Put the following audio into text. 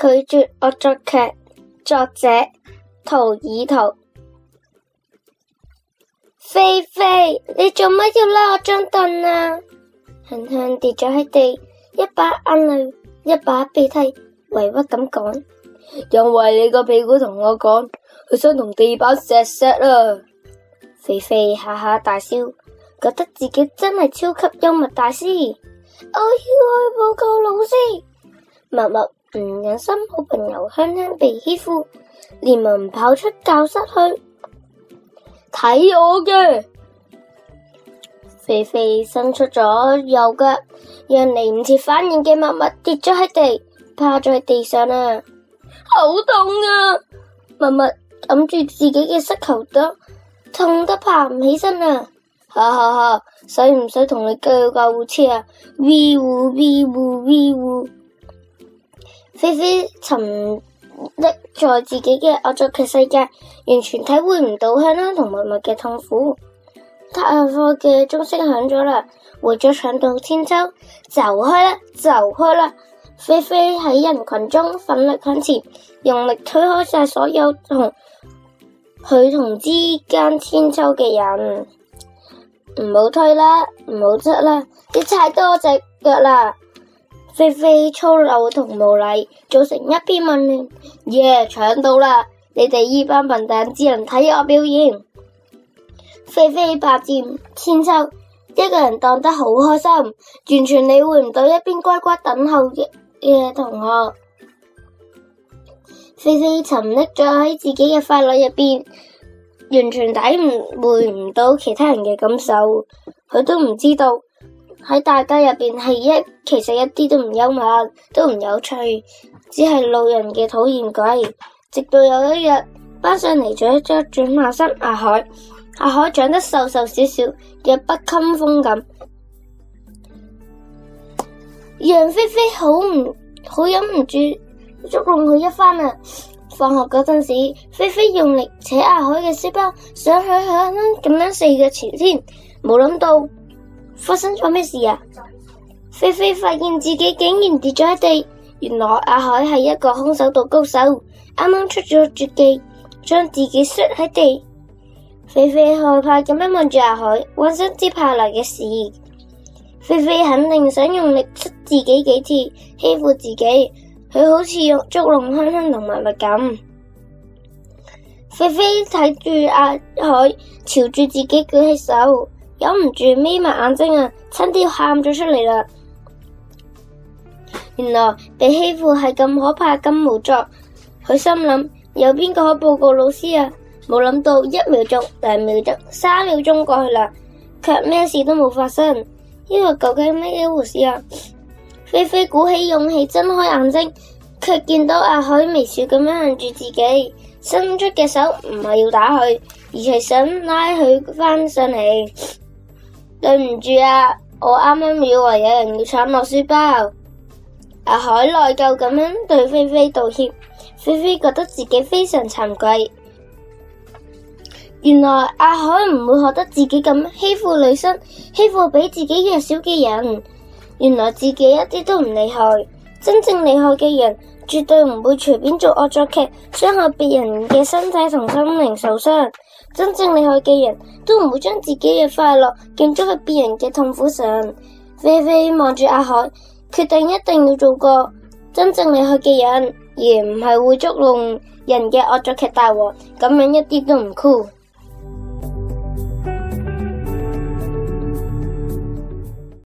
拒絕惡作劇，作者圖爾圖。菲菲，你做乜要拉我張凳啊？向向跌咗喺地，一把眼淚，一把鼻涕，委屈咁講。因為你個屁股同我講，佢想同地板錫錫啊！菲菲哈哈大笑，覺得自己真係超級幽默大師。我要去報告老師，默默。唔忍心，好朋友香香被欺負，連忙跑出教室，去睇我嘅肥肥，伸出咗右腳，讓嚟唔切反應嘅默默跌咗喺地，趴咗喺地上啊，好痛啊！默默揞住自己嘅膝頭骨，痛得爬唔起身啊！哈哈哈，使唔使同你叫救護車啊？嗚嗚嗚嗚嗚，嗚，嗚，嗚！菲菲沉溺在自己嘅惡作劇世界，完全體會唔到香香同妹妹嘅痛苦。下課嘅鐘聲響咗啦，為咗搶到千秋，走開啦，走開啦！菲菲喺人群中奮力向前，用力推開晒所有同佢同之間千秋嘅人。唔好推啦，唔好推啦，你踩到我隻腳啦！菲菲粗魯同無禮，造成一片混亂。耶，搶到啦！你哋呢班笨蛋，只能睇我表演。菲菲霸佔鞦韆，一個人盪得好開心，完全理會唔到一邊乖乖等候嘅同學。菲菲沉溺在喺自己嘅快樂入邊，完全睇唔會唔到其他人嘅感受，佢都唔知道。喺大街入邊係一，其實一啲都唔幽默，都唔有趣，只係路人嘅討厭鬼。直到有一日班上嚟咗一張轉學生阿海，阿海長得瘦瘦小小，弱不禁風咁，楊菲菲好唔好忍唔住捉弄佢一番啊！放學嗰陣時，菲菲用力扯阿海嘅書包，想喺喺咁樣四腳朝天，冇諗到。發生咗咩事啊？菲菲發現自己竟然跌咗喺地，原來阿海係一個空手道高手，啱啱出咗絕技，將自己摔喺地。菲菲害怕咁樣望住阿海，幻想接下來嘅事。菲菲肯定想用力摔自己幾次，欺負自己。佢好似捉弄香香同埋密密咁。菲菲睇住阿海，朝住自己舉起手。忍唔住眯埋眼睛啊，差啲喊咗出嚟啦！原來被欺負係咁可怕、咁無助，佢心諗有邊個可以報告老師啊？冇諗到一秒鐘、兩秒鐘、三秒鐘過去啦，卻咩事都冇發生，因為究竟咩回事啊？菲菲鼓起勇氣睜開眼睛，卻見到阿、啊、海微笑咁樣向住自己，伸出嘅手唔係要打佢，而係想拉佢翻上嚟。對唔住啊，我啱啱以為有人要搶我書包。阿海內疚咁樣對菲菲道歉，菲菲覺得自己非常慚愧。原來阿海唔會學得自己咁欺負女生，欺負比自己弱小嘅人。原來自己一啲都唔厲害。真正厲害嘅人絕對唔會隨便做惡作劇，傷害別人嘅身體同心靈受傷。真正厲害嘅人都唔會將自己嘅快樂建築喺別人嘅痛苦上。菲菲望住阿海，決定一定要做個真正厲害嘅人，而唔係會捉弄人嘅惡作劇大王。咁樣一啲都唔酷。